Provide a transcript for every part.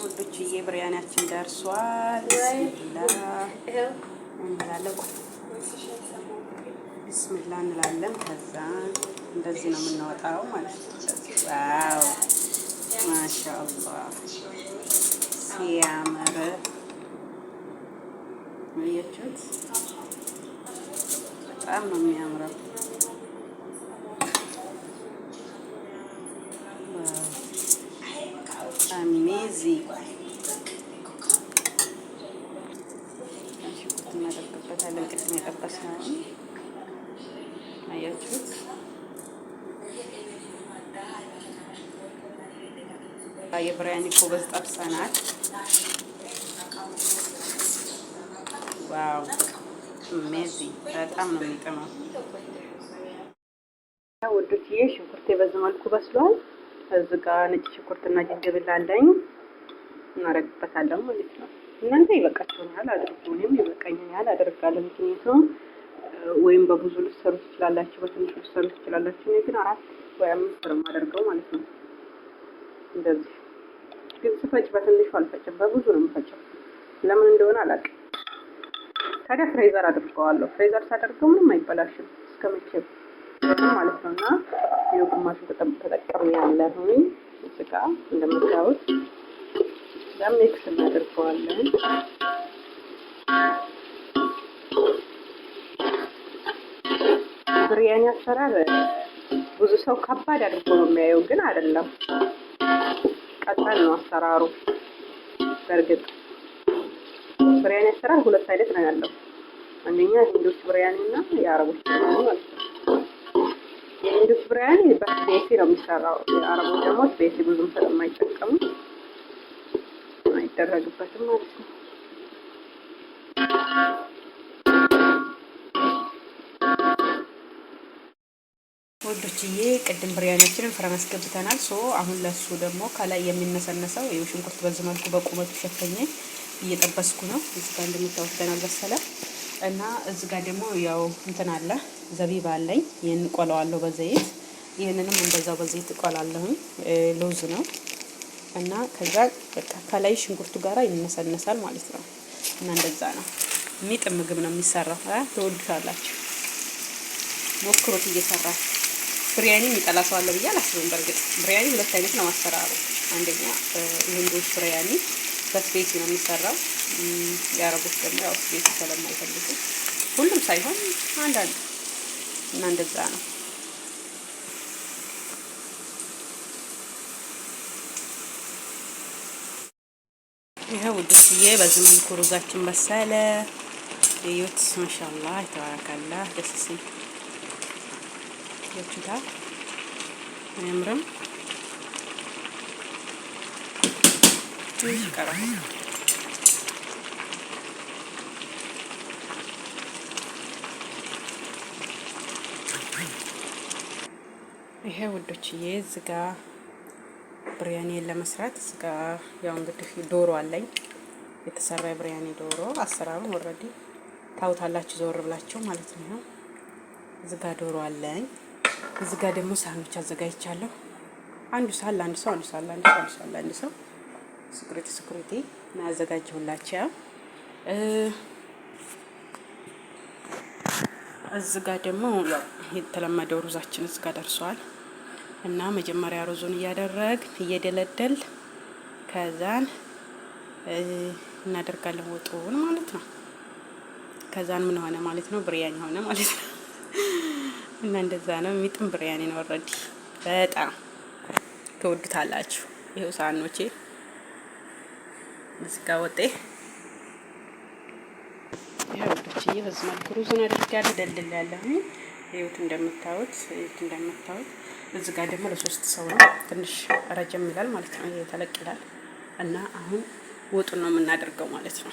ውዶችዬ ብርያናችን ደርሷል። እንላለን ብስሚላ እንላለን። ከዛ እንደዚህ ነው የምናወጣው ማለት ነው። ማሻአላ ሲያምር እያችሁት በጣም ነው የሚያምረው። እዚህ እናደርግበታለን። ቅድም የጠበስነው አያችሁት። የብርያኒ ኮበዝ ጠብሰናል። ዋው አሜዚንግ! በጣም ነው የሚጥመው። ወዶችዬ ሽንኩርት በዚህ መልኩ በስሏል። እዚህ ጋር ነጭ ሽንኩርትና ዝንጅብል አለኝ። እናደርግበታለን ማለት ነው። እናንተ ይበቃችሁን ያህል አድርጉ፣ ወይም ይበቃኝን ያህል አደርጋለሁ። ምክንያቱም ወይም በብዙ ልትሰሩ ትችላላችሁ፣ በትንሹ ልትሰሩ ትችላላችሁ። እኔ ግን አራት ወይ አምስት ነው የማደርገው ማለት ነው። እንደዚህ ግን ስፈጭ በትንሹ አልፈጭም፣ በብዙ ነው የምፈጭው። ለምን እንደሆነ አላውቅም። ታዲያ ፍሬዘር አድርገዋለሁ። ፍሬዘር ሳደርገው ምንም አይበላሽም እስከ መቼም ማለት ነው እና የግማሹን ተጠቀሚ ያለሁኝ ስጋ እንደምታዩት ጋር ሚክስ እናደርገዋለን። ብሪያኒ አሰራር ብዙ ሰው ከባድ አድርጎ ነው የሚያየው፣ ግን አይደለም። ቀጠን ነው አሰራሩ። በእርግጥ ብሪያኒ አሰራር ሁለት አይነት ነው ያለው። አንደኛ ሂንዶች ብሪያኒ እና የአረቦች ብርያኒ ማለት ነው። የሂንዶች ብሪያኒ በስፔሲ ነው የሚሰራው። የአረቦች ደግሞ ስፔሲ ብዙም ስለማይጠቀሙ የሚደረግበትም ማለት ነው። ወዶችዬ ቅድም ብሪያኒዎችንም ፍረን አስገብተናል። ሶ አሁን ለሱ ደግሞ ከላይ የሚነሰነሰው ይኸው ሽንኩርት በዚህ መልኩ በቁመቱ ሸፈኘ እየጠበስኩ ነው። እዚህ ጋር እንደምታዩት ገና አልበሰለም እና እዚህ ጋር ደግሞ ያው እንትን አለ ዘቢብ አለኝ። ይህን ቆለዋለሁ በዘይት ይህንንም እንደዛው በዘይት እቆላለሁኝ። ሎዝ ነው እና ከዛ በቃ ከላይ ሽንኩርቱ ጋራ ይነሰነሳል ማለት ነው። እና እንደዛ ነው የሚጥም ምግብ ነው የሚሰራው። ትወዱታላችሁ፣ ሞክሮት እየሰራ ብሪያኒ የሚጠላ ሰው አለ ብዬ አላስብም። በእርግጥ ብሪያኒ ሁለት አይነት ነው አሰራሩ። አንደኛ የህንዶች ብሪያኒ በስፔሲ ነው የሚሰራው። የአረቦች ደግሞ ያው ስፔሲ ስለማይፈልጉ ሁሉም ሳይሆን አንዳንድ እና እንደዛ ነው። ይሄ ውዶችዬ በዚህ መልኩ ሩዛችን በሰለ እዩት፣ ማሻአላ ተባረካላ። ደስ ሲል ይችታ አያምርም? ይሄ ውዶችዬ እዚህ ጋ ብሪያኒ ለመስራት ስጋ ያው እንግዲህ ዶሮ አለኝ የተሰራ የብሪያኒ ዶሮ አሰራሩ ወረዲ ታውታላችሁ፣ ዘወር ብላችሁ ማለት ነው። እዚህ ጋ ዶሮ አለኝ። እዚህ ደግሞ ሳህኖች አዘጋጅቻለሁ። አንዱ ሳህን ለአንድ ሰው፣ አንዱ ሳህን ለአንድ ሰው፣ አንዱ ሳህን ለአንድ ሰው ስኩሪቲ ስኩሪቲ ያዘጋጀሁላችሁ። እዚህ ጋ ደግሞ የተለመደው ሩዛችን እዚህ ጋ ደርሷል። እና መጀመሪያ ሩዙን እያደረግ እየደለደል ከዛን እናደርጋለን ወጡን ማለት ነው። ከዛን ምን ሆነ ማለት ነው? ብርያኒ ሆነ ማለት ነው። እና እንደዛ ነው የሚጥም ብርያኒ ነው። ኦልሬዲ በጣም ትወዱታላችሁ። ይሄው ሳህኖቼ እዚህ ጋር ወጤ ይሄ በዚህ መልኩ ሩዙን አድርጌያለሁ። ደልል ያለሁኝ ይኸውት እንደምታዩት ይኸውት እንደምታዩት እዚህ ጋር ደግሞ ለሶስት ሰው ነው። ትንሽ ረጀም ይላል ማለት ነው። ተለቅ ይላል እና አሁን ወጡን ነው የምናደርገው ማለት ነው።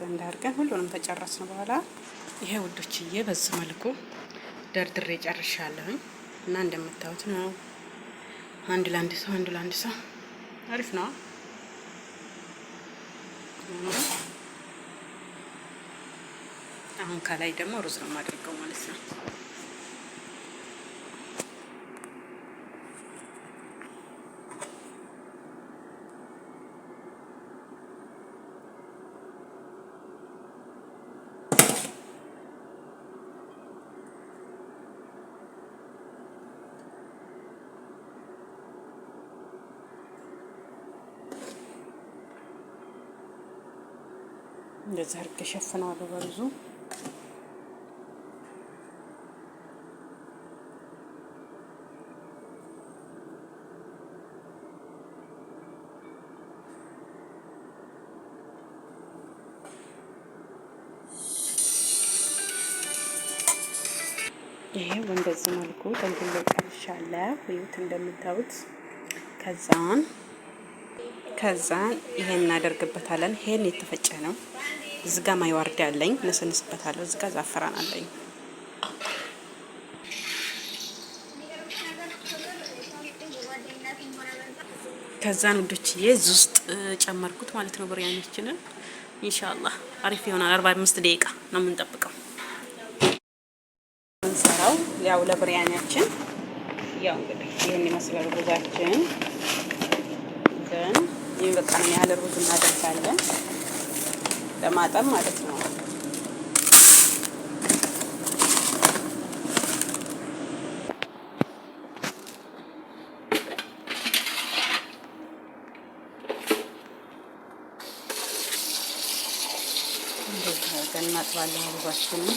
ዘንድ አድርገን ሁሉንም ተጨረስን በኋላ ይሄ ውዶችዬ በዚህ መልኩ ደርድሬ ጨርሻለሁኝ እና እንደምታዩት ነው። አንድ ለአንድ ሰው አንድ ለአንድ ሰው አሪፍ ነው። አሁን ከላይ ደግሞ ሩዝ ነው የማደርገው ማለት ነው። እንደዚህ አድርጌ ሸፍነዋለሁ በብዙ ይሄ በዚህ መልኩ ተንትሎ ጨርሻለሁ። ይሁት እንደምታዩት ከዛን ከዛን ይሄን እናደርግበታለን። ይሄን የተፈጨ ነው። እዚጋ ማይዋርድ አለኝ ነሰንስበታለሁ። እዚጋ ዛፈራን አለኝ። ከዛን ውዶችዬ እዚህ ውስጥ ጨመርኩት ማለት ነው ብሪያኒችንን። ኢንሻአላህ አሪፍ ይሆናል። 45 ደቂቃ ነው የምንጠብቀው የምንሰራው ያው ለብሪያኒያችን ያው እንግዲህ ይሄን ይመስላል ጉዛችን ግን የሚበቃን ያህል ሩዝ እናደርጋለን ለማጠብ ማለት ነው። እንደዚህ አድርገን እናጥባለን ሩዛችንን።